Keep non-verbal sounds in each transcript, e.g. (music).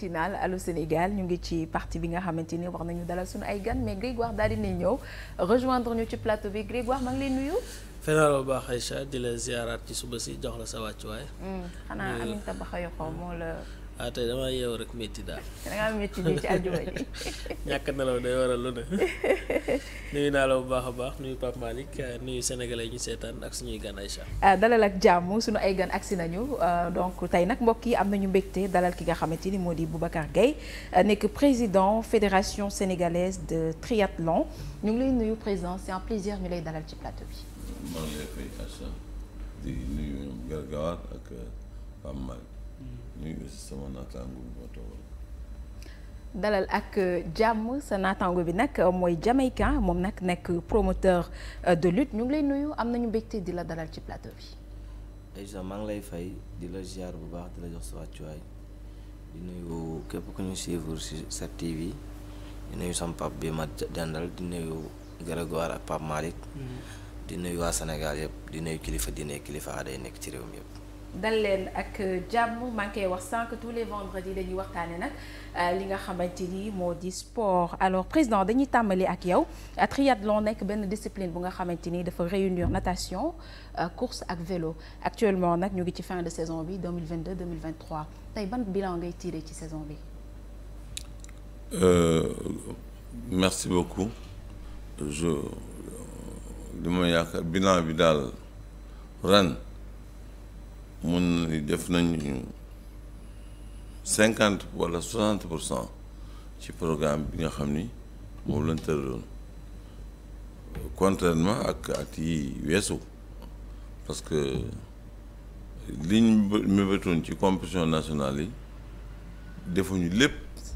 matinale Allô Sénégal ñu ngi ci partie bi nga xamante ni war nañu dalal suñu ay gan mais Grégoire daal dinañ ñëw rejoindre ñu ci plateau bi Grégoire maa ngi lay nuyu. feneen bu baax Aïcha di la ziaraat ci suba si jox la sa wàccuwaay. Hmm, xanaa Aminata Bakayoko moo la. ah tey damaa yeewu rek métti daal. (laughs) da ngaa métti nii ci àjjuma ji. (laughs) ñàkk nelaw day waral ne. (laughs) nuyu naa la bu baax a baax nuyu Pape Malick ah, nuyu sénégalais yi ñu seetaan ak suñuy gan Aïcha. Ah, dalal ak jàmm suñu ay gan agsi nañu ah, donc tey nag mbokk yi am nañu mbégte dalal ki nga xamante ni moo di Boubacar Gaye nekk président fédération sénégalaise de triathlon ñu ngi lay nuyu président c'est un plaisir ñu lay dalal ci plateau bi. si sama naataango bi ma toogal dalal ak euh, jàmm sa naataango bi nag euh, mooy jamaïcain moom nag nekk promoteur euh, de lutte ñu ngi lay nuyu am nañu mbégte di la dalal ci plateau bi Aïcha maa ngi lay fay di la ziar bu baax di la jox sa wàccuwaay di nuyu képp ku ñu suivre ci sa nuyu sama pap bi ma jàndal di nuyu Grégoire ak Pape Malick mm-hmm. di nuyu waa senegal yëpp di nuyu kilifa di kilifa aaday nekk ci réew mi yëpp dal leen ak jàmm maa ngi koy wax sànq tous les vendredis dañuy waxtaane nag euh, li nga xamante nii moo di sport alors président dañuy tàmbali ak yow triathlon nekk benn discipline bu nga xamante ni dafa réunir natation euh, course ak vélo actuellement nag ñu ngi ci fin de saison bi 2022 2023 tey ban bilan ngay tiré ci saison bi. Euh, merci beaucoup je li ma yaakaar bilan bi daal ren. mun def nañu cinquante wala soixante pour cent ci programme bi nga xam ni moom lañ tëraloon contrairement ak at yi weesu parce que liñ mébétoon ci compétition nationale yi defuñu lépp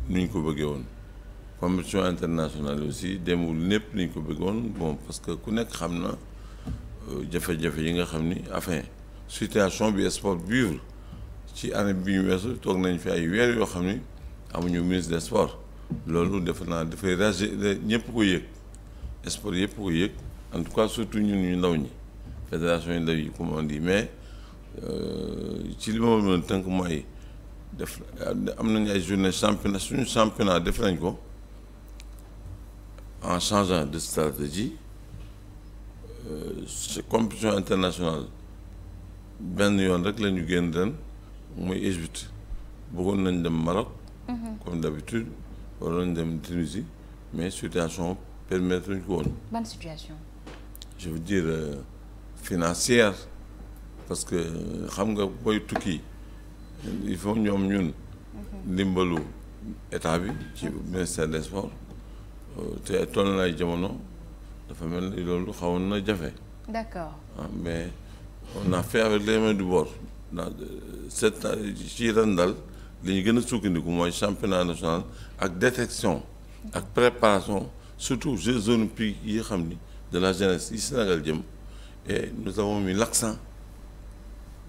nuñ ko bëggee woon compétition internationale yi aussi demul lépp nuñ ko bëggee woon bon parce que ku nekk xam na euh, jafe-jafe yi nga xam ni enfin situation bi sport vivre ci année bi ñu weesu toog nañu fi ay weer yoo xam ni amuñu ministre des sports loolu defe naa dafay raje ñëpp ko yëg sport yëpp ko yëg en tout cas surtout ñun ñu ndaw ñi fédération yi ndaw yi comme on mais euh, ci li ma mën a tënk mooy def am nañu ay journée championnat suñu championnat def nañ ko en changeant de stratégie euh, compétition internationale benn yoon rek la ñu génn ren muy Égypte bëggoon nañ dem Maroc. Mhm. comme d'habitude waroon nañ dem Tunisie mais situation permettre ñu ko woon. ban situation. je dire euh, financière parce que xam nga booy tukki il faut ñoom ñun. Mhm. ndimbalu état bi ci mhm. ministère des sports euh, te toll na ay jamono dafa mel ni loolu xawoon na jafe. on a fait avec les mains du bord dans cette euh, ci ren li ñu gën a sukkandiku mooy championnat national ak détection ak préparation surtout jeux olympiques yi xam ni de la jeunesse yi Sénégal jëm et nous avons mis l'accent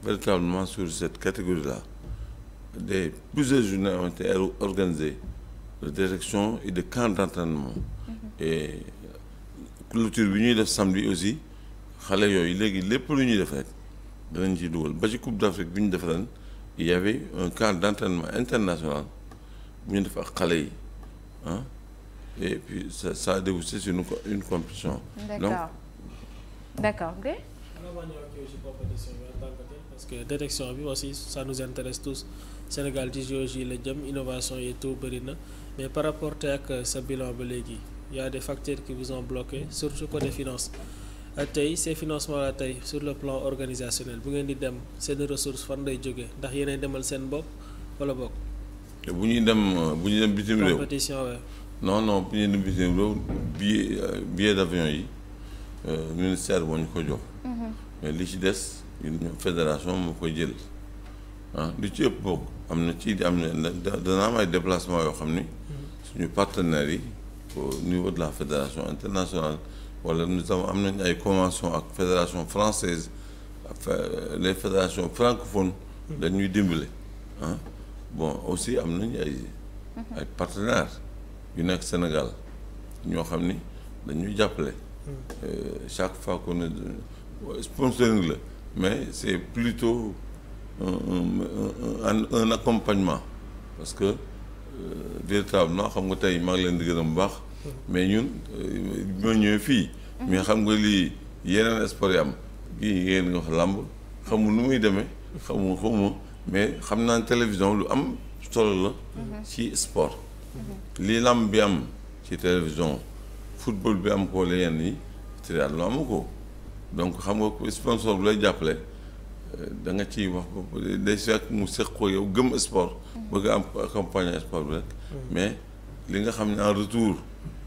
véritablement sur cette catégorie la des plusieurs journées ont été organisées de direction et de camp d'entraînement mm-hmm. et clôture bi ñuy def samedi aussi xale yooyu léegi lépp lu ñuy def rek danañ ci dugal ba ci coupe d'Afrique bi ñu def ren il un camp d'entraînement international bu ñu def ak xale yi ah et puis parce que détection bi aussi ça nous intéresse tous Sénégal ci géologie la jëm innovation yi tout bëri na mais par rapport ak sa bilan ba léegi y a des facteurs qui vous ont bloqué surtout côté finance. Euh, tey ces financement la tey sur le plan organisationnel bu ngeen di dem seen ressources fan lay jógee ndax yéenay demal seen bopp wala bokk. bu ñuy dem euh, bu ñuy dem bitim réew compétition waaw. non non bu ñuy dem bitim réew billet euh, billet d'avion yi ministère moo ñu ko jox. Mhm. mais li ci des ñun fédération moo koy jël ah lu ci ëpp bokk am na ci am na dana am déplacement yoo xam ni. Mhm. suñu partenaires yi au niveau de la fédération internationale. wala nous avons am nañ ay convention ak fédération française les fédérations francophones dañuy dimbale ah bon aussi am nañu ay mhm. ay partenaires yu nekk Sénégal ñoo xam ni dañuy jàppale mhm. euh, chaque fois qu'on est sponsoring la mais c'est plutôt un, un accompagnement parce que euh, véritablement xam nga tey maa ngi leen di gërëm bu baax mais ñun euh, ñoo ñëwee fii. mais xam nga lii yeneen sport yi am kii ngeen nga wax làmb xamul nu muy demee xamul xamuma mais xam naa télévision lu am solo la. ci sport. lii làmb bi am ci télévision football bi am ko la yenn yi lu am ko donc xam nga sponsor bu lay jàppale. Euh, da nga ciy wax day fekk mu seq ko yow gëm sport. bëgg am accompagner sport bi rek. Mm. mais li nga xam ne en retour.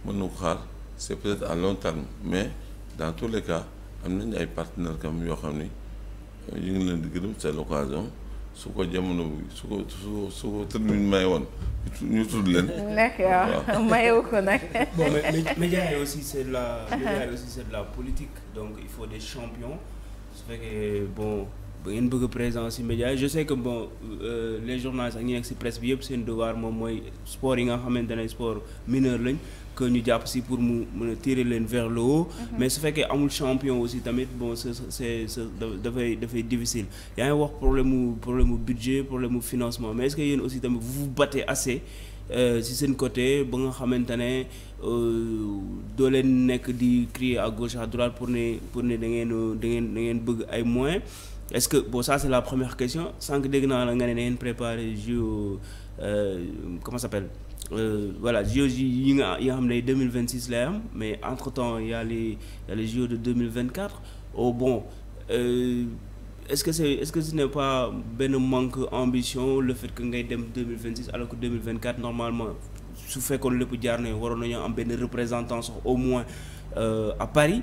mën na ko xaar c'est peut à long terme mais dans tous les cas am nañ ay partenaires kam yoo xam ni euh, ñu ngi leen di gërëm c'est l'occasion su ko jamono bi su ko su su ko tëdd tudd leen. d'accord (laughs) mayewu ko nag. bon mais aussi c'est de la médias la politique donc il faut des champions su fekkee bon ba ngeen bëgg présence ci médias yi je sais que bon euh, les journalistes ak ñi nekk ci presse bi yëpp seen devoir moom mooy sport yi nga xamante ne sport mineur lañ. que ñu jàpp si pour mu mun a tirer leen vers le mhm. mais su fekkee amul champion aussi tamit bon c' est dafay dafay difficile yaa ngi wax problème mu problème mu budget problème mu financement mais est ce yéen aussi tamit vous vous battez assez. Euh, si seen côté ba nga xamante ne euh, doo leen nekk di crier à gauche à droite pour ne pour ne da ngeen da ngeen da ngeen bëgg ay moyens est-ce que bon ça c'est la première question sànq dégg naa la nga ne da préparé ju euh, comment Euh, voilà JO yi nga yi nga xam ne 2026 lay am mais entre temps y a les y a les JO de 2024 oh bon euh, est-ce que c'est est-ce que pas benn manque ambition le fait que ngay dem 2026 alors que 2024 normalement su fekkoon lépp jaar na waroon nañoo am benn représentant sax au moins euh, à Paris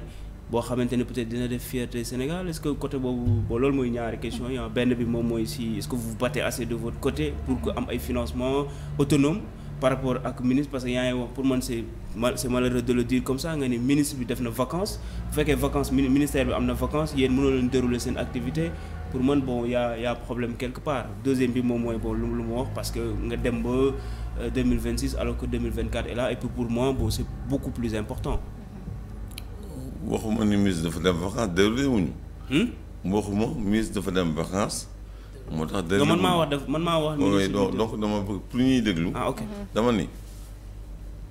boo xamante ne peut-être dina def fierté Sénégal est-ce que côté boobu bon loolu mooy ñaari question yi ah, benn bi moom mooy si est-ce que vous vous assez de votre côté pour que am ay financement autonome par rapport ak ministre parce que yaa ngi wax pour man c'est mal c'est malheureux de le dire comme ça nga ne ministre bi def na vacance bu fekkee vacance ministère bi am na vacance yéen mënoo leen seen activité pour man bon y a a problème quelque part deuxième bi moom mooy bon lu lu wax parce que nga dem ba 2026 euh, alors que 2024 est là et puis pour moi bon c'est beaucoup plus important. waxuma ni ministre dafa dem vacance déroulé wuñu. Hmm? waxuma ministre dafa dem vacance. moo tax dëgg man maa wax def man maa wax. oui donc dama bëgg pour ñuy déglu. ah dama ni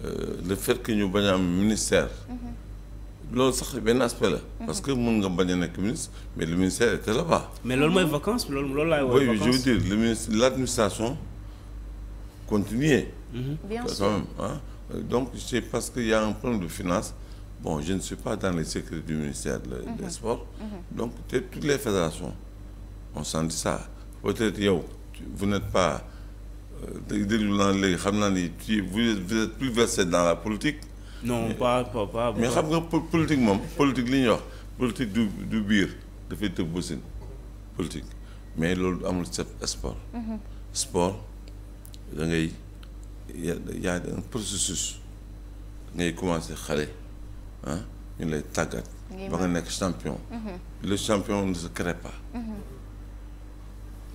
euh, le fait que ñu bañ a ministère. Mhm. loolu sax benn aspect la. Mhm. parce que mun nga bañ a nekk ministre mais lu ministère était là-bas. mais loolu mooy vacance loolu loolu laay wax. oui je veux dire le ministre l' administration continuer. Mhm. bien sûr quand même parce que y a finance. bon je ne suis pas dans les secrets du ministère. des sports. donc te toutes les fédérations on sentit ça. peut-être yow vous n'êtes pas euh, déglu naa léegi xam naa ni ci vous êtes plus versé dans la politique. mais xam nga politique moom politique li ñuy wax politique du du biir dafay tëb bësin politique mais loolu amul sa sport. Mhm. sport da ngay yaa un processus ngay commencer xale ah, ñu lay tàggat. ba nga nekk champion. Mhm. le champion ne se crée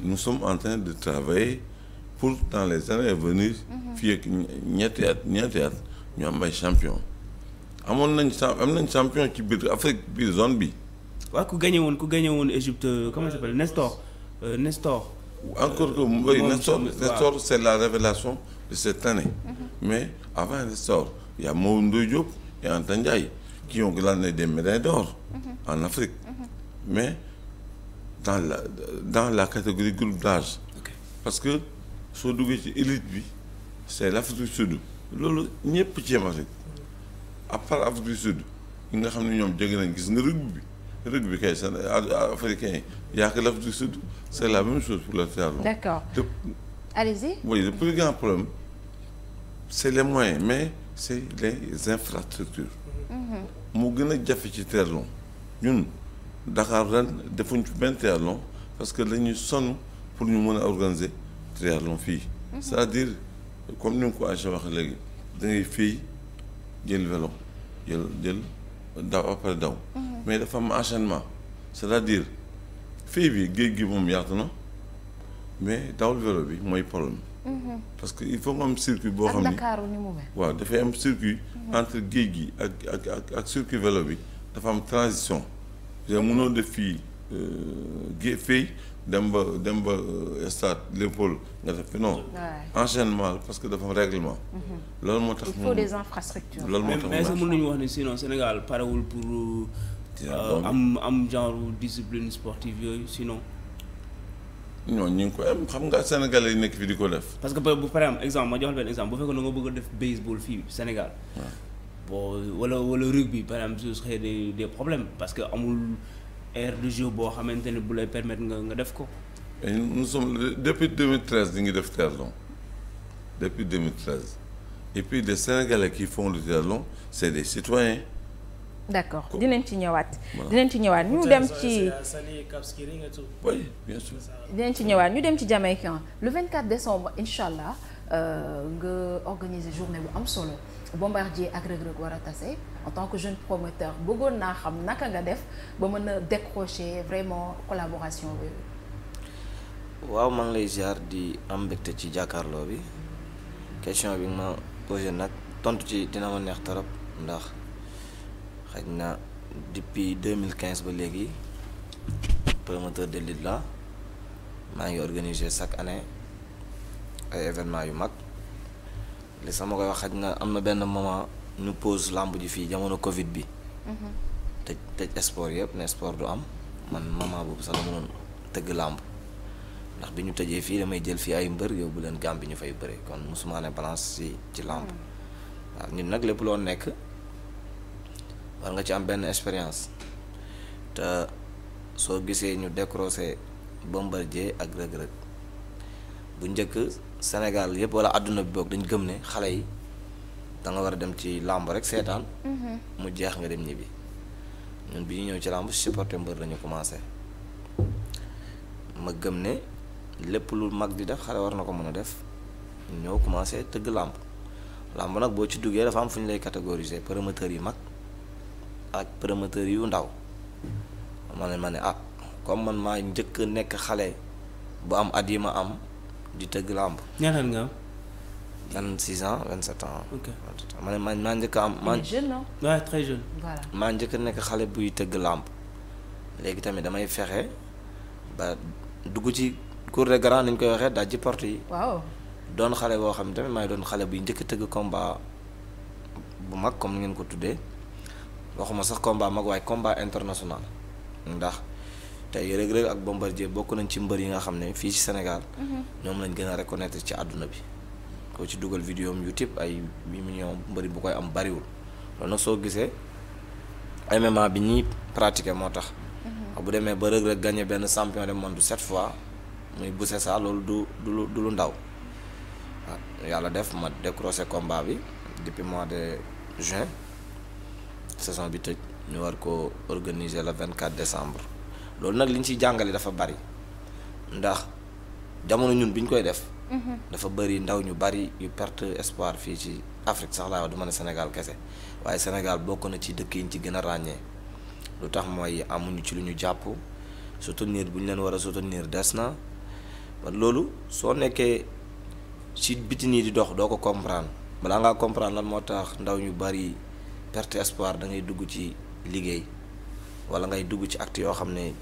nous sommes en train de travailler pour dans les années à venir. Mhm. fii ak ñetti at ñetti at ñu am ay champion amoon nañ am nañ champion ci biir Afrique biir zone bi. waaw ku gagné woon ku gagné woon Égypte euh, comment ça s'appelle Nestor euh, Nestor. encore que euh, oui Nestor Nestor c'est la révélation de cette année. Mhm. mais avant Nestor y a Maodo Ndoye Diop et Anta Ndiaye qui ont glané des médailles d'or mhm. en Afrique dans la dans la catégorie groupe d'âge parce que soo duggee ci élite bi c'est l'Afrique du Sud loolu ñëpp ci yemale à part Afrique du nga xam ne ñoom jóge nañ gis nga rugby bi rugby bi kay seen africain yi yaa que l'Afrique du Sud c'est la même chose pour le triathlon d'accord allez-y oui le plus grand problème c'est les moyens mais c'est les infrastructures mm-hmm. moo gën a jafe ci triathlon ñun Dakar ren defuñ fi benn triathlon parce que lañuy sonn pour ñu mën a organiser triathlon fii. Mhm. c'est-à-dire comme ni nga ko Aïcha waxee léegi da ngay fii jël vélo jël jël daw après daw. Mhm. mais dafa am enchaînement c'est-à-dire fii bi géej gi moom yaatu na mais dawal velo bi mooy problème. Mhm. parce que il faut mu am circuit boo xam ni waaw dafay am circuit entre géej gi ak ak ak circuit velo bi dafa am transition yow mënoo def fii euh, Guéfey dem ba dem ba euh, stade Léopold nga def fi non. parce que dafa am règlement. Mhm. loolu moo tax il faut des infrastructures. loolu moo tax mais est que mën nañu wax ne sinon Sénégal parewul pour. Euh, am genre discipline sportive yooyu sinon. non ngi ko am xam nga sénégalais nekk fi di ko def. parce que par exemple exemple ma jox benn exemple bu fekkoon da nga bëgg a def baseball fii Sénégal. boo wala wala rugby par exemple su de des des parce que amul aire de jeu boo xamante ne bu lay permettre nga nga def ko. nous sommes depuis 2013 ñu ngi def terre longue depuis 2013 et puis les Sénégalais qui font le terre longue c'est des citoyens. d'accord dinañ ci ñëwaat. dinañ ci ñëwaat ñu dem ci. oui bien sûr. dinañ ci ñëwaat ñu dem ci Jamaïcain le 24 décembre incha allah euh, nga organiser journée bu am solo. Bombardier ak Reug Reug war a tase en tant que jeune promoteur bëggoon naa xam naka nga def ba mën a décrocher vraiment collaboration bi waaw maa lay ziar di am mbégte ci jàkkaarloo bi question bi ma posé nag tontu ci dina ma neex trop ndax xaj na depuis 2015 ba léegi promoteur de lutte la maa ngi organiser chaque année ay événements yu mag. li sama koy wax xaj na am na benn moment ñu pause làmb ji fii jamono Covid bi. Mhm. tëj tëj sport yëpp ne sport du am man moment boobu sax dama doon tëgg làmb ndax bi ñu tëjee fii damay jël fii ay mbër yóbbu leen bi ñu fay bëre kon musuma ne balance si ci làmb. Mhm. waaw ñun nag lépp loo nekk war nga ci am benn expérience te soo gisee ñu décroché Bombardier ak Reug Reug bu njëkk. Sénégal yëpp wala àdduna bi boog dañ gëm ne xale yi danga war a dem ci làmb rek seetaan. Mhm. mu jeex nga dem ñibbi. ñun bi ñu ñëw ci làmb supporter mbër lañu commencé ma gëm ne lépp lu mag di def xale war na ko mën a def ñëw commencé tëgg làmb làmb nag boo ci duggee dafa am fu ñu lay catégoriser promoteurs yu mag ak promoteurs yu ndaw ma ne ma ne ah comme man maa njëkk a nekk xale bu am at yi ma am. di tëgg làmb. ñaata nga am. vingt six ans vingt sept ans. ok ma ne maa njëkk am. maa jeune maa njëkk a nekk xale buy tëgg làmb. léegi tamit damay fexe dugg ci cour des grands ni ñu koy waxee daj ci porte yi. waaw doon xale boo xam ne tamit maay doon xale buy njëkk a tëgg combat bu mag comme ngeen ko tuddee waxuma sax combat mag waaye combat international ndax. tey Reug Reug ak Bombardier bokk nañ ci mbër yi nga xam ne fii ci Sénégal. Mhm. ñoom lañ gën a reconnaître ci àdduna bi. koo ci dugal vidéo am YouTube ay million mbëri bu koy am bariwul loolu nag soo gisee MMA bi ñuy pratiquer moo tax. Mhm. bu demee ba Reug Reug gagné benn champion du monde sept fois muy Boucher Sa loolu du du du lu ndaw waaw yàlla def ma décroché combat bi depuis mois de juin saison bi tëj ñu war ko organiser le vingt quatre décembre. loolu nag liñ ciy jàngale dafa bari ndax jamono ñun biñ koy def. Mhm. dafa bari ndaw ñu bari yu perte espoir fii ci Afrique saxlaa laa du ma ne Sénégal kese waaye Sénégal bokk na ci dëkk yi ñu ci gën a ràññee lu tax mooy amuñu ci lu ñu jàpp soutenir bu ñu leen war a soutenir des na loolu soo nekkee ci biti nii di dox doo ko comprendre balaa ngaa comprendre lan moo tax ndaw ñu bari perte espoir da dugg ci liggéey wala ngay dugg ci act yoo xam ne.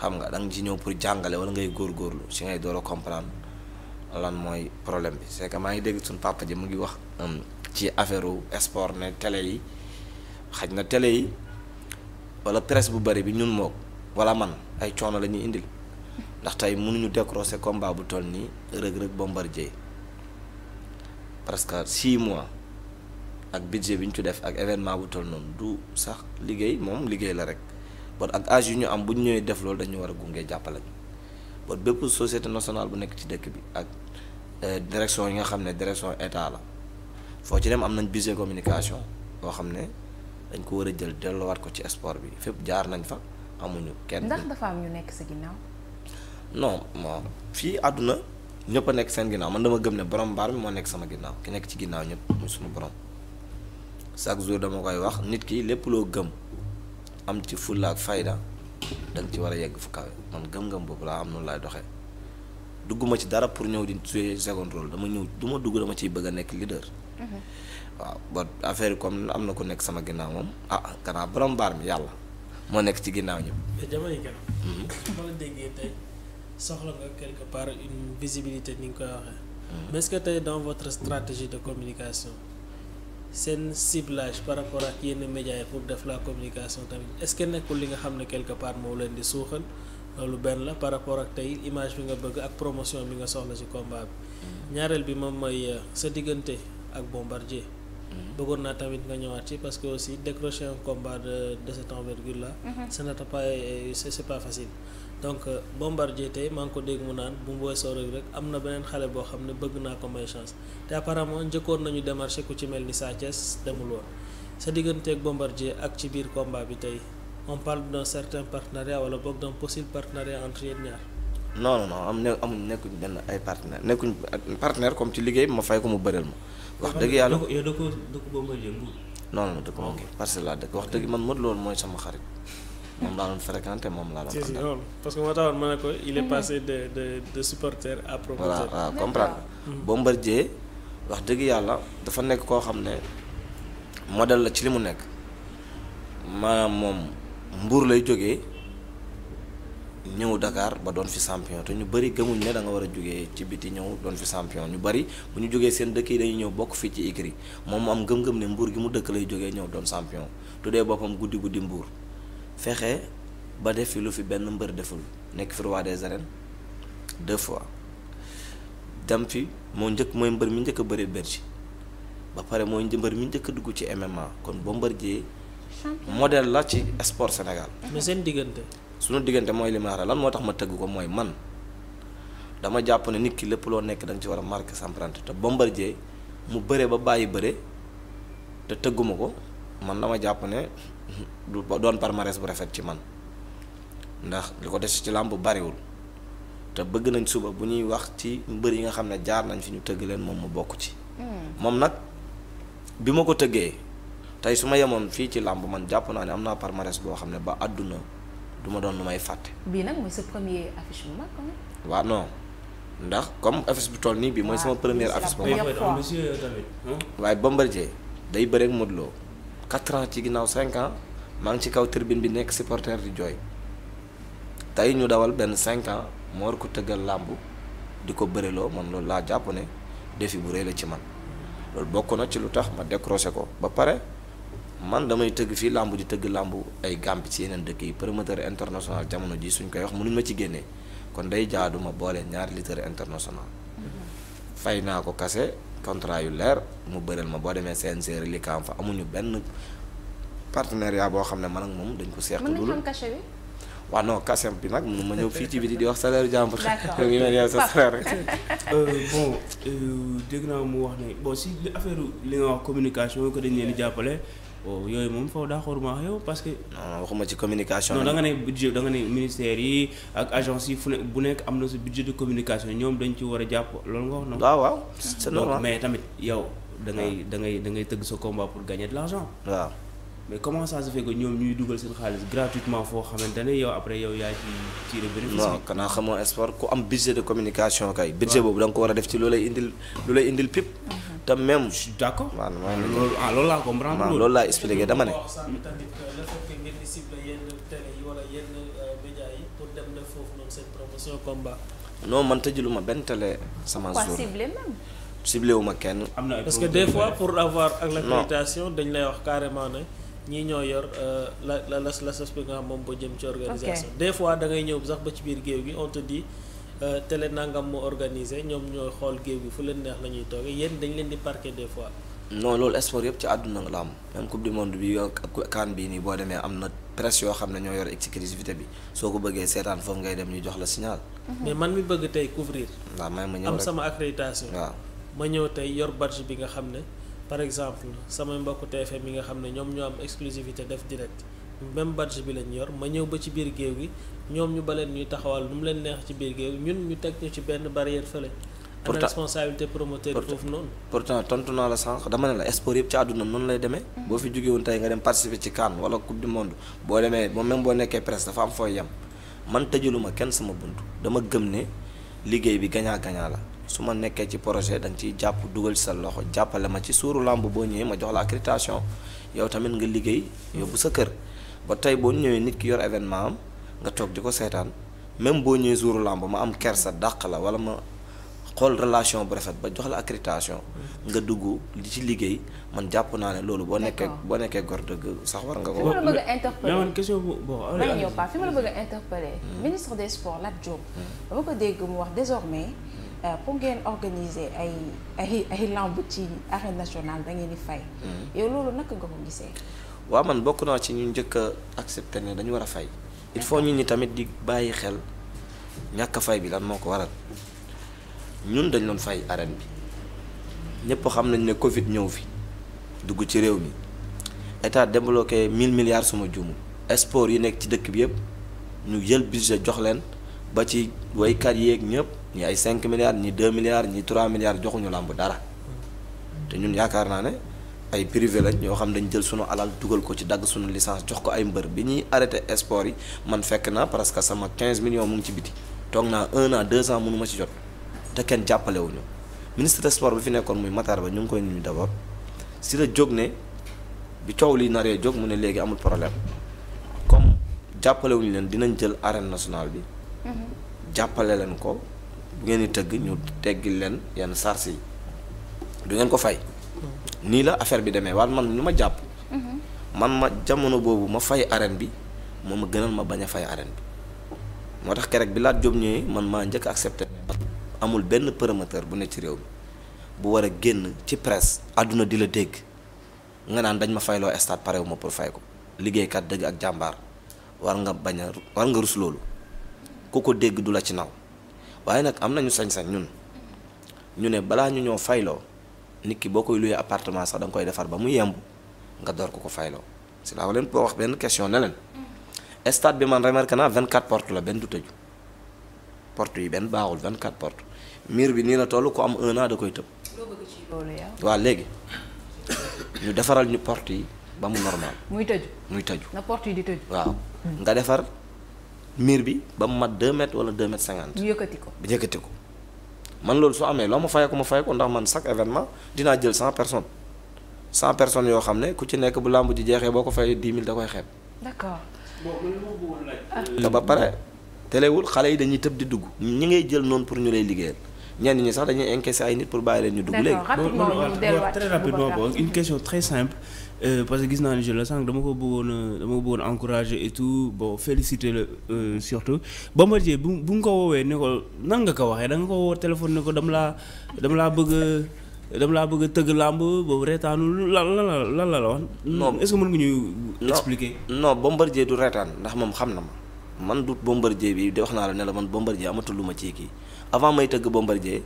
xam nga da nga ci ñëw pour jàngale wala ngay góorgóorlu si ngay door a comprendre lan mooy problème bi c'est maa ngi dégg suñu papa ji mu ngi wax um, ci affaire sport ne télé yi xaj na tele yi wala presse bu bari bi ñun mook wala man ay coono la ñuy indil ndax tey mënuñu décrocher combat bu toll nii rëg-rëg bombardier parce que six mois ak budget bi ñu ci def ak événement bu toll noonu du sax liggéey moom liggéey la rek bon ak âge yu ñu am bu ñu ñëwee def loolu dañu war a gunge jàppale ñu bon bépp société nationale bu nekk ci dëkk bi ak euh, direction yi nga xam ne direction état la foo ci dem am nañ budget communication boo xam ne dañ ko war a jël delluwaat ko ci sport bi fépp jaar nañ fa amuñu kenn. ndax dafa am ñu nekk sa ginnaaw. non moom fii àdduna ñëpp a nekk seen ginnaaw man dama gëm ne borom mbaar mi moo nekk sama ginnaaw ki nekk ci ginnaaw ñëpp muy suñu borom chaque jour dama koy wax nit ki lépp loo gëm. am ci fulla ak fayda da nga ci war a yegg fu kawe man gëm-gëm boobu laa am noonu laay doxee dugguma ci dara pour ñëw di jouer second rôle dama ñëw du dugg dama ciy bëgg a nekk leader. Mm-hmm. waaw ba affaire comme am na ku nekk sama ginnaaw moom ah kanaa borom baar mi yàlla moo nekk ci ginnaaw ñëpp. jamono yi kanam. ma la déggee tey soxla nga quelque part une visibilité ni nga koy waxee. Mm-hmm. mais est-ce de communication. seen ciblage par rapport ak yenn médias yi pour def la communication tamit est-ce que nekkul li nga xam ne quelque part moo leen di suuxal loolu benn la par rapport ak tey image bi nga bëgg ak promotion bi nga soxla ci combat bi mm-hmm. ñaareel bi moom mooy euh, sa diggante ak bombardier mm-hmm. bëggoon naa tamit nga ñëwaat ci parce que aussi décrocher un combat de de cette envergure là mm-hmm. ce n'est pas euh, c'est pas facile donc Bombardier tey maa ngi ko dégg mu naan bu mu weesoo rek rek am na beneen xale boo xam ne bëgg naa ko may chance te apparemment njëkkoon nañu démarché ku ci mel ni Sa Thiès demul woon sa digganteeg Bombardier ak ci biir combat bi tey on parle d'un certain partenariat wala boog d'un possible partenariat entre yéen ñaar. non non am ne amul nekkuñ benn ay partenaire nekkuñ partenaire comme ci liggéey ma fay ko mu bëreel ma. wax dëgg yàlla yow dëkk Bombardier non non dëkk parce que laa dëkk wax dëgg man Modou Lo mooy sama moom laa doon fréquenté moom laa doon. si si loolu que moo taxoon ma ne ko il est mhm. passé de de de supporter à promoteur. voilà waaw comprendre mhm. Bombardier wax dëgg yàlla dafa nekk koo xam ne modèle la ci li mu nekk maanaam moom mbuur lay jógee ñëw dakaar ba doon fi champion te ñu bëri gëmuñ ne da nga war a jógee ci biti ñëw doon fi champion ñu bari bu ñu jógee seen dëkk yi dañuy ñëw bokk fii ci écurie moom mu am gëm-gëm ne mbuur gi mu dëkk lay jógee ñëw doon champion tuddee boppam guddi guddi mbuur. fexe ba def fi lu fi benn mbër deful nekk fi roi des arènes de fois dem fi moo njëkk mooy mbër mi njëkk a bëri Bercy ba pare mooy mbër mi njëkk a dugg ci MMA kon Bombardier modèle la sport Sénégal. Mm-hmm. mais diggante. sunu diggante mooy li ma lan moo tax ma tëgg ko mooy man dama jàpp ne nit ki lépp loo nekk da ci war a marqué sa empreinte te Bombardier mu bëre ba bàyyi bëre te tëgguma ko man dama jàpp ne. du doon palmarès bu rafet ci man ndax li ko des ci làmb bariwul te bëgg nañ suba bu ñuy wax ci mbër yi nga xam ne jaar nañ fi ñu tëgg leen moom mu bokk ci. Hmm. moom nag bi ma ko tëggee tey su ma yemoon fii ci làmb man jàpp naa ne am naa palmarès boo xam ne ba àdduna du ma doon lu may fàtte. bii nag mooy sa premier affiche bu ndax comme affiche bu toll nii bii mooy sama première affiche bu mag waaye Bombardier day bëreek Modou quatre ans ci ginnaaw cinq ans maa ngi ci kaw tribune bi nekk supporter di jooy tey ñu dawal benn cinq ans moo war ko tëggal làmb di ko bëreloo man loolu laa jàpp ne défi bu rëy la ci man loolu bokk na ci lu tax ma décroché ko ba pare man damay tëgg fii làmb di tëgg làmb ay gambi ci yeneen dëkk yi promoteur international jamono ji suñ koy wax mënuñ ma ci génnee kon day jaaduma boole ñaari litre international mm-hmm. fay naa ko kase contrat yu leer mu bëril ma boo demee CNG li kaam fa amuñu benn partenariat boo xam ne mën ak moom dañ ko seex seeq dul waaw non cachet bi nag mënu ma ñëw fii ci biti di wax salaire jàmbur (laughs) ngi mel yow sa salaire (laughs) euh, bon euh, dégg naa mu wax ne bon si affaire li nga wax communication ko dañ leen di jàppale oh yooyu moom foofu d'accord ma parce que. non waxuma ci communication. non da nga ne budget da nga ne ministère yi ak agence yi fu ne bu nekk am na su budget de communication ñoom dañ ci war a jàpp loolu nga wax noonu. waaw mais tamit yow. da ngay da ngay da ngay tëgg sa combat pour gagner de l'argent. waaw mais comment ça se fait ñoom ñuy dugal seen xaalis gratuitement foo xamante ne yow après yow yaa ci tiré bénéfice. non kanaa xamoo espoir ku am budget de communication kay. budget boobu da nga ko war a def ci lu lay indil lu lay indil pip. te même. je suis d' accord loolu ah loolu laa comprendre. loolu loolu expliqué dama ne. Euh, euh, non man tëjuluma benn télé sama zone. ciblé même. ciblé wu kenn. am na parce que des fois pour avoir. ak l'accréditation dañ lay wax carrément ne. ñi ñoo yor euh, la la la la nga xam moom ba jëm ci organisation. des fois da ngay ñëw sax ba ci biir géew gi on te dit. Euh, télé nangam moo organisé ñoom ñooy xool géew bi fu leen neex la ñuy toogee yéen dañ leen di parquer des fois. non loolu sport yëpp ci àdduna la am même coupe du monde bi bii nii boo demee am na presse yoo xam ne ñoo yor exclusivité bi soo ko bëggee seetaan foofu ngay dem ñu jox la signal. Mhm. mais man mi bëgg tey couvrir. ma ñëw rek am sama accréditation. waaw ma ñëw tey yor badge bi nga xam ne par exemple samay mbokk TFM yi nga xam ne ñoom ñoo am exclusivité def direct. même badge bi lañ yor ma ñëw ba ci biir géew gi ñoom ñu baleen ñuy taxawal nu mu leen neex ci biir géew ñun ñu teg ñu ci benn barrière fële. ana responsabilité promoteur foofu noonu. tontu naa la sànq dama ne la sport yëpp ci àdduna noonu lay demee. Mm. boo fi jógee woon tey nga dem participer ci CAN wala coupe du monde boo demee moom même boo nekkee presse dafa am fooy yem man tëjaluma kenn sama buntu dama gëm ne liggéey bi gagnant gagnant la. su ma nekkee ci projet da nga ciy jàpp dugal ci sa loxo jàppale ma ci suuru làmb boo ñëwee ma jox la accréditation yow tamit nga liggéey yóbbu sa kër. ba tey boo ñëwee nit ki yor événement am nga toog di ko seetaan même boo ñëwee jouru làmb ma am ker sa dàq la wala ma xool relation bu rafet ba jox la accréditation mm. nga dugg di ci liggéey man jàpp naa ne loolu boo nekkee boo nekkee góor dëgg sax war nga ko. fi ma la bëgg a interpeller mais man question bu bon. fi ma la bëgg a interpeller mm. ministre des sports Lat Diop. Mm. dama ko dégg mu wax désormais euh, pour ngeen organiser ay ay ay lamb ci arène nationale da ngeen di fay. yow loolu naka nga ko gisee. waaw man bokk naa ci ñu njëkk a ne dañu war a fay. il faut ñun ñi tamit di bàyyi xel ñàkk fay bi lan moo ko waral ñun dañ doon fay arène bi ñëpp xam nañ ne Covid ñëw fi dugg ci réew mi état débloqué 1000 milliards suma juumul sport yi nekk ci dëkk bi yëpp ñu jël budget jox leen ba ci waykat yeeg ñëpp ñi ay 5 milliards ñi 2 milliards ñi 3 milliards joxuñu làmb dara te ñun yaakaar naa ne. ay privé lañ ñoo xam dañ jël suñu alal dugal ko ci dagg suñu licence jox ko ay mbër bi ñuy arrêté sport yi man fekk naa parce sama quinze millions mu ngi ci biti toog naa un na deux ans mënu ma ci jot te kenn jàppale wuñu ministre de sport bi fi nekkoon muy Matar Ba ñu ngi koy nuyu d'abord si la jóg ne bi coow li naree jóg mu ne léegi amul problème comme jàppalewuñu leen dinañ jël arène nationale bi. jàppale leen ko bu ngeen di tëgg ñu teggi leen yenn sars yi du ngeen ko fay. nii la affaire bi demee waaye man lu ma jàpp. Mhm. man ma jamono boobu ma fay arène bi moo ma gënal ma bañ a fay arène bi moo tax keroog bi laa jom ñëwee man maa njëkk accepté amul benn promoteur bu ne ci réew mi bu war a génn ci presse àdduna di la dégg nga naan dañ ma fayloo stade pare wu ma pour fay ko liggéeykat dëgg ak jàmbaar war nga bañ a war nga rus loolu ku ko dégg du la ci naw waaye nag am nañu sañ-sañ ñun ñu ne balaa ñu ñoo fayloo nit ki boo koy luyee appartement sax da nga koy defar ba mu yemb nga door ko ko fayloo si laa leen boo wax benn question ne leen stade bi man remarqué vingt 24 portes la benn du tëju porte yi benn baaxul 24 portes mur bi nii na tollu ku am un an da koy tëb. waa léegi ñu defaral ñu porte yi ba mu normal. muy tëju muy tëju. na porte yi di tëju. waaw hmm. nga defar mur bi ba mu mat 2 mètres wala 2 mètres 50. ñu yëkkati ko ñu yëkkati ko. man loolu su amee loo ma fayee ko ma fay ko ndax man chaque événement dinaa jël cent person cent personnes yoo xam ne ku ci nekk bu làmb ji jeexee boo ko fay dix mille da koy xeeb. Ah. te ba pare teewul xale yi dañuy tëb di dugg ñi ngay jël noonu pour ñu lay liggéeyal ñenn ñi sax dañuy encaisser ay nit pour bàyyi leen ñu dugg léegi. très rapidement bon une question très simple. Euh, parce que gis naa ni je la sànq dama ko bëggoon dama ko bëggoon encourager et boo bon féliciter la euh, surtout Bombardier bu bu nga ko woowee ne ko nan nga ko waxee da nga ko woo téléphone ne ko dama laa dama laa bëgg dama laa bëgg a tëgg làmb boobu reetaanu lan la lan la la wax. non est-ce que mën nga ñu expliquer. non Bombardier du reetaan ndax moom xam na ma man du Bombardier bi di wax naa la ne la man Bombardier amatul lu ma ci kii avant may tëgg Bombardier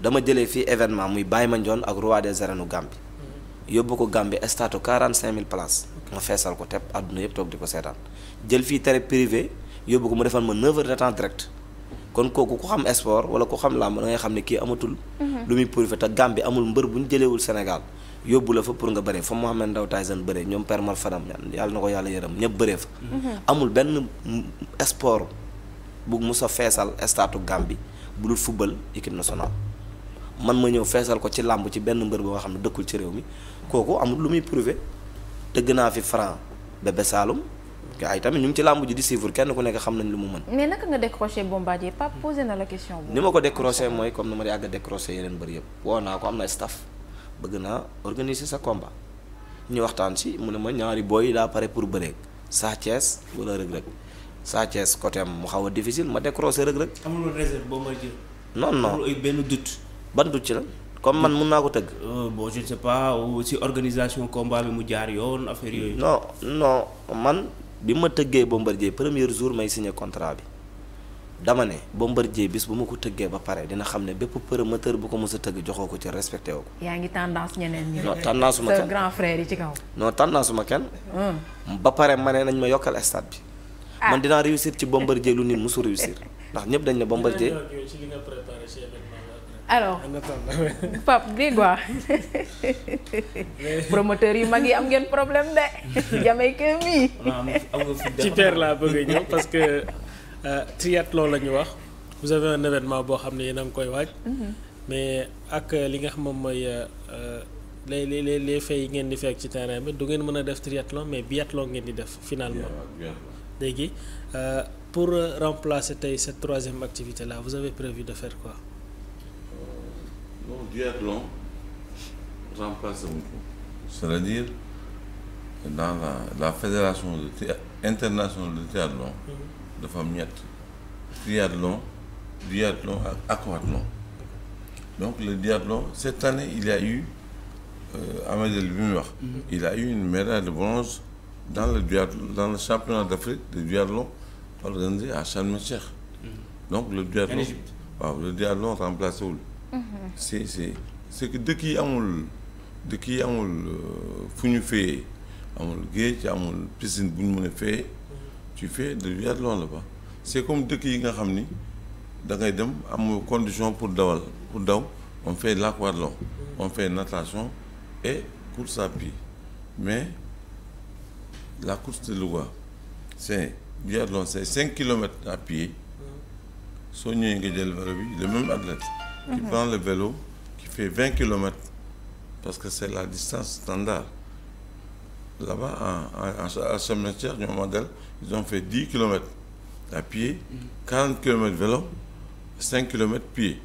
dama jëlee fii événement muy Baye Mandione ak roi des arènes yóbbu ko Gambie stade 45000 places ma feesal ko tepp àdduna yëpp toog di ko seetaan jël fii télé privé yóbbu ko mu defal ma 9 heures de temps direct kon kooku ku xam sport wala ku xam làmb da ngay xam ne kii amatul. Mhm. lu muy prouvé te Gambie amul mbër bu ñu jëlewul Sénégal yóbbu la fa pour nga bëree fa Mohamed Ndao Tyson bëree ñoom Père Mar Fadam yàlla na ko yàlla yërëm ñëpp bëree fa. Mhm. amul benn sport bu mu sa feesal stade Gambie bu dul football équipe nationale ma ñëw feesal ko ci làmb ci benn mbër boo xam ne dëkkul ci réew mi. kooku amul lu muy prouver dëgg naa fi franc bébé Saloum ay tamit ñu ngi ci làmb ji di suivre kenn ku nekk xam nañ lu mu mën. mais naka nga décroché Bombardier Pape posé na la ni ma ko décroché mooy comme ni ma yàgg a décroché yeneen bëri yëpp woo naa ko am na staff bëgg naa organiser sa combat ñu waxtaan si mu ne ma ñaari booy daa pare pour bëreek Sa Thiès wala Reug Reug Sa Thiès côté am mu xaw a difficile ma décroché Reug Reug. amuloo réserve boo ma jël. non non amul benn doute ban doute la. comme man mun naa ko tëgg. Euh, bon je ne sais pas si organisation combat bi mu jaar yoon affaire yooyu. non non man bi ma tëggee Bombardier premier jour may signé contrat bi dama ne Bombardier bis bu ma ko tëggee ba pare dina xam ne bépp promoteur bu ko mës a tëgg joxoo ko ci respecté woo ko. yaa ngi tendance ñeneen ñi. non ma kenn ba pare ma ne nañ ma yokkal stade bi. Ah. man dinaa réussir ci Bombardier lu nit musu réussir (laughs) ndax ñëpp dañ ne Bombardier. alors (laughs) Pape Grégoire promoteur yu mag yi am ngeen problème de (laughs) Jamaïcain mii ci père laa bëgg a parce que euh, triathlon la ñu wax vous avez un boo xam ne yéen a ngi koy waaj mhm. mais ak li nga xam moom mooy euh, euh, les les les faits yi ngeen di feek ci terrain bi du ngeen mën a def triathlon mais biathlon ngeen di def finalement léegi pour remplacer tey cette troisième activité là vous avez prévu de faire quoi non duathlon remplace wuñ ko c'est-à-dire dans la fédération de thé internationale de triathlon mm-hmm. dafa am ñett triathlon duathlon ak donc le duathlon cette année il y a eu euh, Amadou bi muy wax mm-hmm. il a eu une médaille de bronze dans le duathlon dans le championnat d'Afrique de duathlon organisé à Sharm mm-hmm. donc le duathlon waaw le duathlon remplacé wul Mm-hmm. c'est c'est c'est que dëkk yi amul dëkk yi amul euh, fu ñu fee amul géej amul piscine bu ñu mën a fee tu fais de biathlon là-bas c'est comme dëkk yi nga xam ni da ngay dem amul condition pour dawal pour daw on fait l'aquathlon mm-hmm. on fait natation et course à pied mais la course de Louga c'est biathlon c'est cinq kilomètres à pied mm-hmm. soo ñëwee nga jël vélo bi le même athlète qui mhm. prend le vélo, qui fait 20 kilomètres, parce que c'est la distance standard. Là-bas, à Chametière, du modèle, ils ont fait 10 kilomètres à pied, 40 kilomètres vélo, kilomètres pied.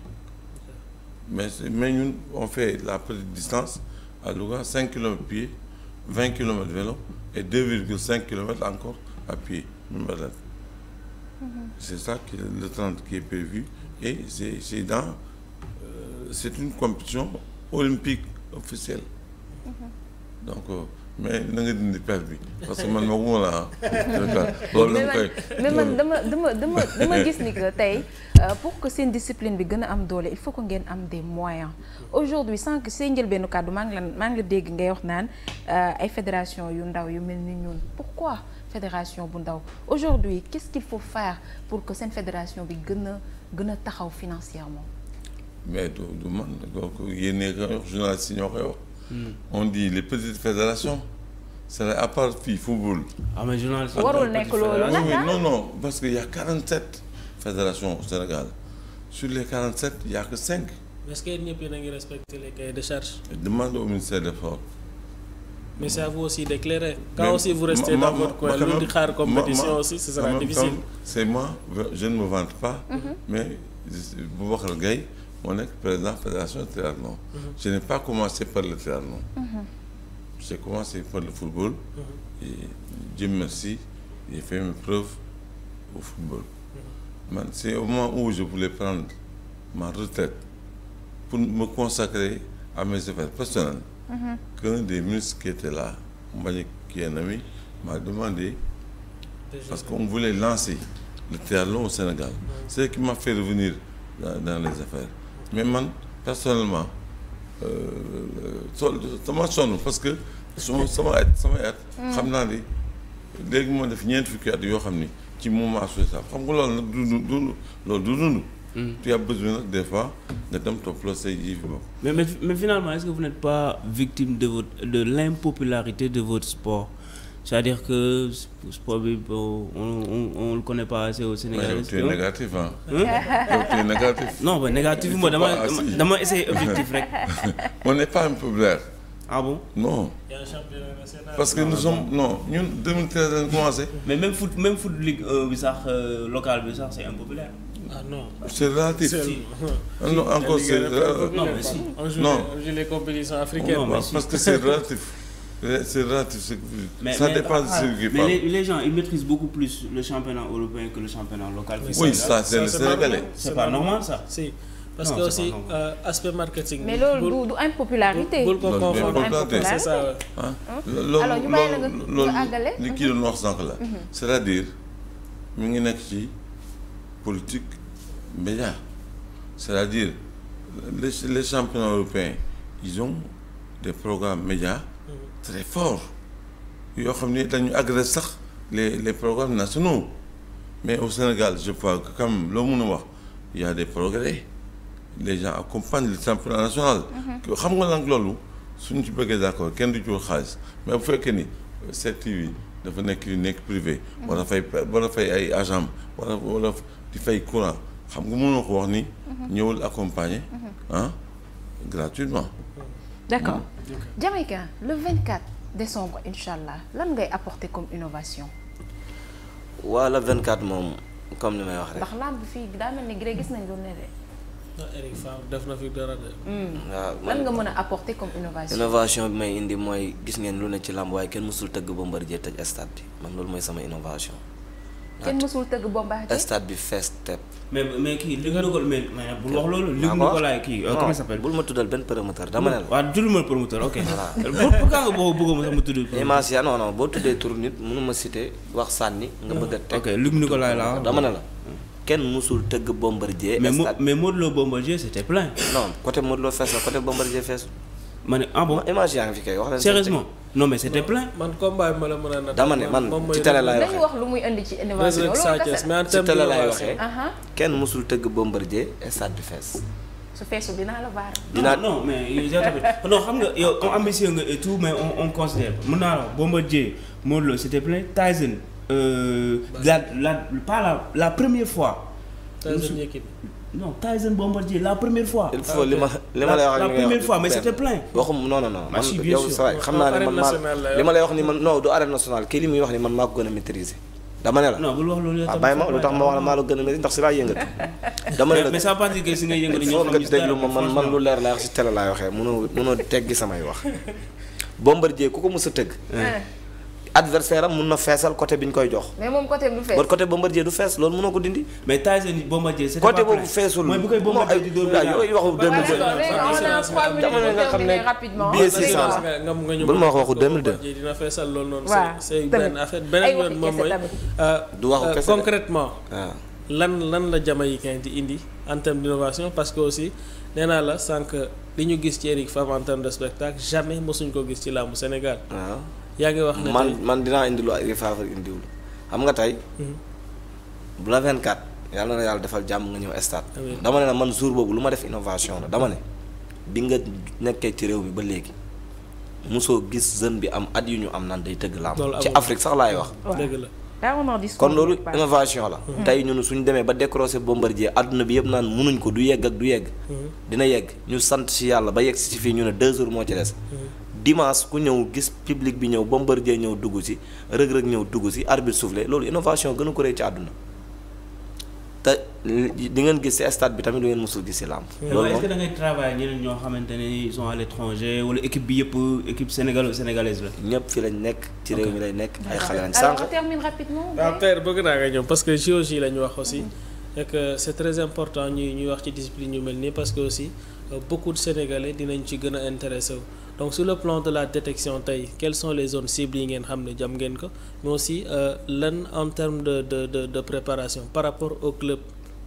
Mais, mais nous, on fait la petite distance à Louga, 5 km pied, 20 km vélo et 2,5 km encore à pied. Mhm. C'est ça qui, le temps qui est prévu et c'est dans c'est une compétition olympique officielle mm-hmm. donc euh, mais na nga dindi per bi parce que man ma wóor la (laughs) loolu la koy mais man dama dama dama dama gis ni que tey euh, pour que seen discipline bi gën a am doole il faut que ngeen am des moyens aujourd'hui sans que seen njëlbeenu kàddu maa ngi la maa ngi la dégg ngay wax naan euh, ay fédération yu ndaw yu mel ni ñun pourquoi fédération bu ndaw aujourd'hui qu'est-ce qu'il faut faire pour que seen fédération bi gën a gën a taxaw financièrement mais du du man kooku yéen ko wax journaliste ñoo koy wax. Hmm. on dit les petites fédérations. c'est à part fii football. ah mais journaliste warul non ah? non parce que y a 47 fédérations au Sénégal sur les 47 y a que cinq est-ce que ñëpp yéen a ngi respecté les cahiers de charge. demande au ministère des Sports. mais c'est a vous aussi d'éclairer. quand aussi vous restez dans votre coin lu di xaar compétition aussi c'est moi je ne me vante pas. Mhm. mais bu waxal moo nekk président fédération triathlon je n'ai pas commencé par le triathlon mhm. j'ai commencé par le football mhm. et Dieu merci j'ai fait mes preuves au football mhm. man c'est au moment où je voulais prendre ma retraite pour me consacrer à mes affaires personnelles qu'un des ministres qui était là Mbagnick Kianami m'a demandé parce qu'on voulait lancer le triathlon au Sénégal c'est ce qui m'a revenir dans, dans les affaires mais man personnellement euh, so sama sonn parce que suma sama at sama at hmm. xam naa ni léegi moo def ñeenti fukki at yoo xam ni ci moment social xam nga loolu nag du du loolu du dund hmm. tu besoin nag des fois nga dem topp la say ji fi bokk mais mais finalement est-ce que vous n'êtes pas victime de votre de l'impopularité de votre sport c'est-à-dire que sport bi on on on le connaît au Sénégal. mais ah. tu es négatif. non mais négatif moo dama dama essayer objectif rek. (laughs) on n'est pas impopulaire. ah bon non. parce que nous sommes non ñun 2013 lañ commencé. mais même foot même foot ligue bi sax euh, local bi sax c'est impopulaire. ah non. c'est relatif. Ah, non encore c'est. non mais si. relatif. c'est relatif ce mais, ça mais, dépend ah, de ce qui parle. Les, les, gens ils maîtrisent beaucoup plus le championnat européen que le championnat local. Oui, oui ça c'est le Sénégalais. C'est pas normal ça. Si. parce non, que aussi euh, aspect marketing. mais loolu du impopularité. bul ko impopularité c'est ça. alors ñu bàyyi la nga àggale li kii doon wax sànq la. Mhm. c'est-à-dire mu ngi nekk ci politique média c'est-à-dire les les championnats européens ils ont des programmes médias. très fort yoo xam ni dañu agressé sax les les programmes nationaux mais au Sénégal je crois que quand loo mun a wax y a des progrès les gens accompagnent le championnat national. Mhm. xam nga nag loolu suñu ci bëggee d'accord kenn du ci xaalis mais bu fekkee ni cette TV dafa nekk yu nekk privé. wala fay wala fay ay agent wala wala di fay courant xam nga mënoo ko wax ni. Mhm. ñëwul accompagner. Mhm. ah gratuitement. d'accord mm. Jamaïcain le 24 décembre incha allah lan ngay apporter comme innovation. waa le 24 moom comme ni may wax rek. ndax lamb fii daal mel ni gré gis nañ lu ne de. non Eric Fall def na mm. Mm. waaw lan nga mën a apporter comme innovation. innovation bi may indi mooy gis ngeen lu ne ci lamb waaye kenn mësul tëgg ba mbër jee tëj stade bi man loolu mooy sama innovation. kenn mësul tëgg bombardier stade bi fees tepp. mais mais kii li nga dugal mais mais bul wax loolu. Ah li nga dugal kii euh, comment s'appelle. bul ma tuddal benn promoteur dama ne la. waaw tuddul ma promoteur ok. voilà (laughs) pour pourquoi nga boo bëggoon sax ma tudd. image ya non non boo tuddee tur nit ma citer wax sànni. nga bëgg a teg ok ko nga dugal dama ne la. kenn musul tëgg bombardier. mais mo mais Modou Lo bombardier c'était plein. non Lo fees la côté ma ne ah bon image yaa ngi fi kay wax. sérieusement non mais c'était plein. man combat bi dama ne man ci télé laay waxee lu muy indi ci innovation. loolu kese ci kenn mësul tëgg Bombardier stade du fees. su feesu dinaa la baar. dinaa non mais yow yaa (laughs) xam nga yow comme nga et tout mais on on considère mën naa la wax Bombardier Modou Lo c'était plein Tyson. Euh, la la pas la première fois. Tyson non Tyson Bombardier la première fois. il faut li ma li ma lay wax. la xam naa ne man maa euh, li ma lay wax ni man du arène kii li muy wax ni man maa ko gën a maîtriser. dama ne la non ah, bàyyi ma lu tax ma wax la maa la gën a maîtriser ndax si laa yëngatu. (laughs) dama ne la mais ça pas dire que si nga yëngatu ñu xam déglu ma man man lu leer laa wax si télé laay waxee mënoo mënoo teggi samay wax. (laughs) Bombardier ku ko mës a tëgg. adversaire am mun na feesal côté bi ñu koy jox. mais moom côté du fees. ba côté Bombardier du fees loolu mënoo ko dindi. mais Tyson Bombardier c'est côté boobu feesul. mooy bu koy Bombardier di wax waxu euh, du waxu euh, kese concrètement ah. lan lan la jamaïcain di indi en terme d'innovation parce que aussi nee naa la sànq li ñu gis ci Eric Favre en terme de spectacle jamais mosuñ ko gis ci làmbu Sénégal. waaw. Ah. yaa ngi wax man man dinaa indi lu ay faveur indiwul xam nga tey. Hmm. bu la 24 yàlla na yàlla defal jàmm nga ñëw stade. dama ne la man suur boobu lu ma def innovation la dama ne bi nga nekkee ci réew mi ba léegi. musoo gis jeune bi am at yu ñu am naan day tëgg làmb ci Afrique sax laay wax. kon loolu innovation la. Hmm. tey ñun suñu demee ba décroché bombardier àdduna bi yëpp naan munuñ ko du yegg ak du yegg. Hmm. dina yegg ñu sant si yàlla ba yegg si fii ñu ne deux jours moo ci des. dimanche ku ñëw gis public bi ñëw Bombardier ñëw dugg si rëg-rëg ñëw dugg si arbitre soufflé loolu innovation gënu ko rëy ci àdduna te di ngeen gis ci stade bi tamit du ngeen mosul gis ci làmb. loolu est-ce que da ngay travailler ñeneen ñoo xamante ne ils sont à l'étranger wala équipe bi yëpp équipe sénégalo sénégalaise la. ñëpp fi lañ nekk. ci réew mi lay nekk ay xale lañ sànq. alors on termine rapidement. waaw ah, père bëgg naa nga ñëw parce que JOJ la ñu wax aussi. Mm-hmm. et que c'est très important ñuy ñuy wax ci discipline yu mel nii parce que aussi euh, beaucoup de sénégalais dinañ ci gën a intéressé wu. donc sur le plan de la détection tey quelles sont les zones cibles yi ngeen xam ne jam ngeen ko mais aussi euh, lan en terme de de de de préparation par rapport au club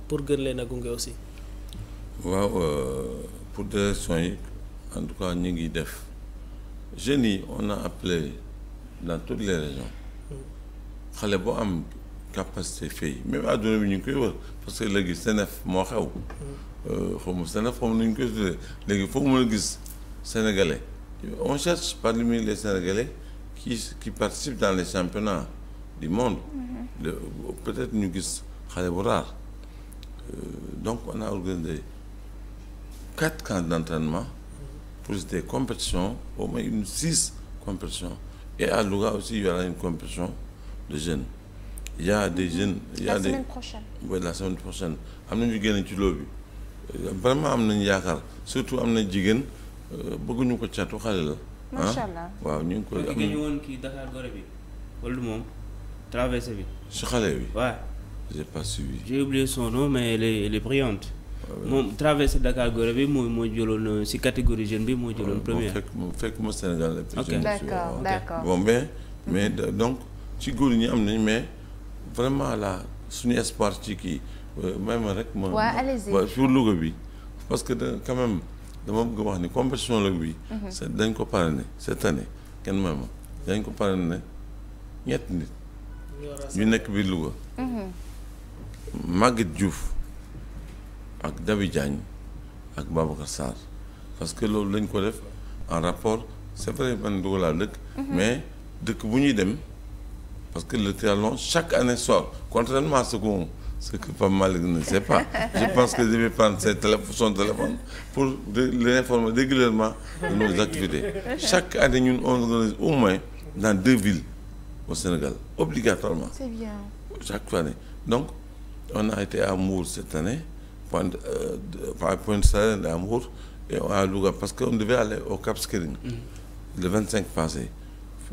pour gën leen a gunge aussi. waaw euh, pour des raisons yi en tout cas ñu ngi def jeunes yi on a appelé dans toutes les régions. xale boo am capacité fii même àdduna bi ñu ngi koy wër parce que léegi CNF moo xew. Euh, xaw ma CNF nu ñu koy tuddee léegi foog mën a gis sénégalais. on cherche parmi les Sénégalais qui qui participent dans les championnats du monde. Mm -hmm. peut-être ñu gis xale bu raar euh, donc on a organisé quatre camps d'entraînement pour des compétitions au moins une six compétitions et à Louga aussi yo y aura une compétition de jeunes. ya y a des mm-hmm. jeunes. il y a la semaine prochaine. oui la am na ñu génn ci loo bi vraiment am nañu yaakaar surtout am na jigéen. bëgguñu ko catu xale la. macha ah, waaw ñu ngi koy. am ñu woon kii Dakar Gorée bi wala moom traversé bi. su xale bi waaw. j'ai pas suivi. j'ai oublié son nom mais elle est elle est brillante. moom traversé Dakar bi moo moo jëloon si euh, catégorie jeune bi moo jëloon première. moom fekk moom fekk mu Sénégal la. ok d'accord bon mais. Mhm. mais donc ci góor ñi am nañ mais vraiment là suñu espoir ci kii euh, may ma rek. ma waaw pour bi parce que quand même. dama bëgg wax ni compétition la bi mhm. dañ ko parrainé cette année kenn même dañ ko parrainé ñett nit ñu nekk biir Louga mhm. Maguette Diouf ak David Diagne ak Babacar Sarr parce que loolu dañ ko def en rapport c'est vrai man Louga laa dëkk mhm. mais dëkk bu ñuy dem parce que le triathlon chaque année sort contrairement à ce que Pape Malick ne je pense que je vais prendre ses pour l'informer régulièrement de nos activités chaque année ñun on organise au moins dans deux villes au Sénégal obligatoirement. c'est bien. chaque donc on a été à cette année euh, Pointe parce que on devait aller au Cap mm. le 25 passé.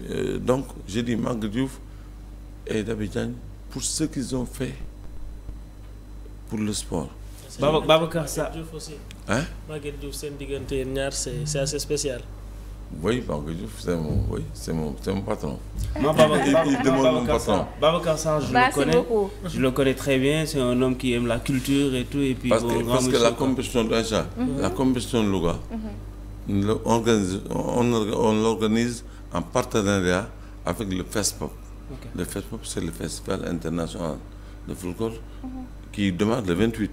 Euh, donc je dis Maguette Diouf et Dabi Diagne pour ce qu'ils ont fait. pour le sport. Baba Babacar Sarr ah. Maguette seen diggante ñaar c'est c'est assez spécial. oui Maguette Diouf c'est mon patron. il demande mon patron. je le connais je bien c'est un homme qui aime la culture et tout et puis. parce que parce que mhm. la compétition de Aïcha. la compétition de le organise on l'organise en partenariat avec le FESPOP. le FESPOP c'est le festival international de folklore. qui démarre le 28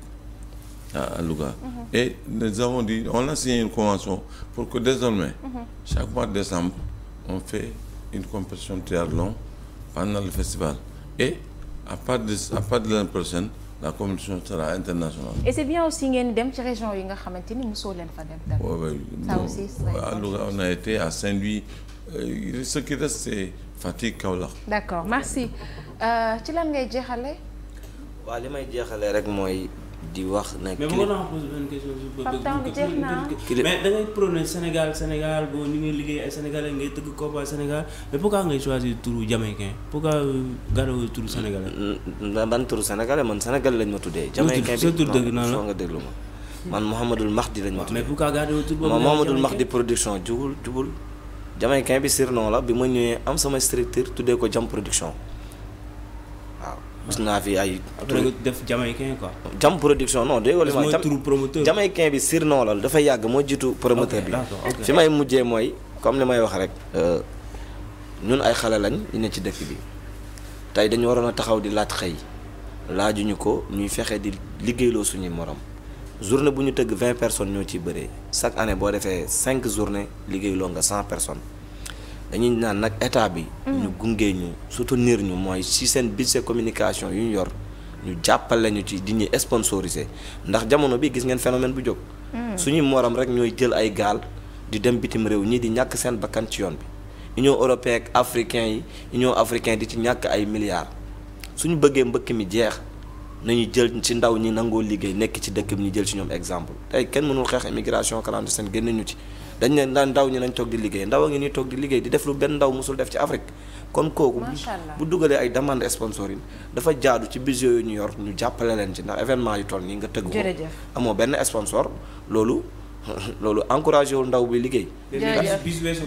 à Louga. Mm -hmm. Et nous avons dit, on a signé une convention pour que désormais, mm -hmm. chaque mois de décembre, on fait une compétition triathlon pendant le festival. Et à part de, à part de l'année prochaine, la compétition sera internationale. Et c'est bien aussi ngeen dem ci région yi nga xamante ni mosoo leen fa dem. tamit ça à Louga on a été à saint euh, ce qui reste c'est Fatick Kaolack. d'accord merci euh, ci lan ngay jeexale. waa li may jeexalee rek mooy di wax ne. mais mën naa poser benn question. mais da ngay prôné Sénégal Sénégal boo ñu ngi liggéey ay sénégalais ngay tëgg Copa Sénégal mais pourquoi ngay choisir turu jamaïcain pourquoi euh, gardewoo turu sénégalais. turu sénégalais man Sénégal lañ ma tuddee. jamaïcain bi foo nga déglu ma. man Mouhamadul Mahdi lañ ma tuddee. mais pourquoi gardewoo tur boobu Mouhamadul Mahdi production jubul jubul. jamaïcain bi surnom la bi ma ñëwee am sama structure tuddee ko jam production gis naa fi ay. après nga def jamaïcain quoi. jam production non déggoo li ma. jam jamaïcain bi surnom la dafa yàgg moo jiitu promoteur bi. fi may mujjee mooy comme li may wax rek. Euh, ñun ay xale lañ ñu ne ci dëkk bi tey dañu waroon a taxaw di laaj xëy laajuñu ko ñuy fexe di liggéeyloo suñuy morom journée bu ñu tëgg vingt personnes ñoo ciy bëree chaque année boo defee cinq journée liggéeyloo nga cent personnes. dañuy naan nag état bi. Mm. ñu gungee ñu soutenir ñu mooy si seen budget communication yu ñu yor ñu jàppale ñu ci di ñuy sponsoriser ndax jamono bi gis ngeen phénomène bu jóg. Mm. suñuy moram rek ñooy jël ay gaal di dem bitim réew ñii di ñàkk seen bakkan ci yoon bi union européenne ak africain yi union africain di ci ñàkk ay su ñu bëggee mbëkk mi jeex. nañu jël ci ndaw ñi nangoo liggéey nekk ci dëkk bi ñu jël ci ñoom exemple tey kenn mënul xeex immigration clandestine génn ñu ci dañ ne daan ndaw ñi nañ toog di liggéey ndaw a ngi nii toog di def lu benn ndaw musul def ci Afrique kon kooku bu dugalee ay demande sponsoring dafa jaadu ci budget yooyu ñu yor ñu jàppale leen ci ndax événement yu toll nii nga tëgg ko amoo benn sponsor loolu (laughs) loolu encouragé wul ndaw bi liggéey bis weesu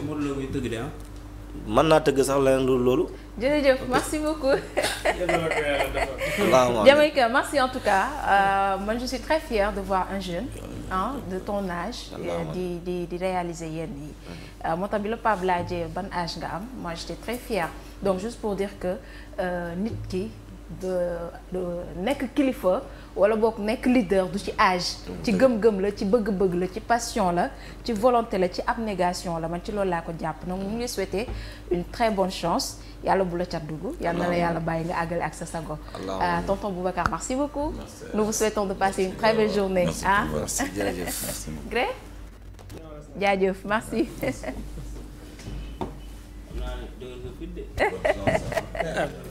man naa tëgg sax leneen loolu loolu. jërëjëf merci beaucoup. waaw (laughs) Jamaïcain merci en tout cas euh, man je suis fière de voir un jeune. ah de ton euh, di di réaliser yenn yi. Euh, moo tax bi la Pape laajee ban age nga am moi j'étais très fière donc juste pour dire que euh, nit ki de nekk kilifa. wala boog nekk leader du ci âge. ci gëm-gëm la ci bëgg-bëgg la ci passion la ci volonté la ci abnégation la man ci loolu laa ko jàpp donc mu ngi souhaiter une très bonne chance yàlla bu la cat dugg. yàlla na la yàlla bàyyi nga àggale ak sa sago. Ah, tonton Boubacar merci beaucoup. Merci. nous de passer une très belle journée. ah merci jërëjëf merci. (laughs) (laughs)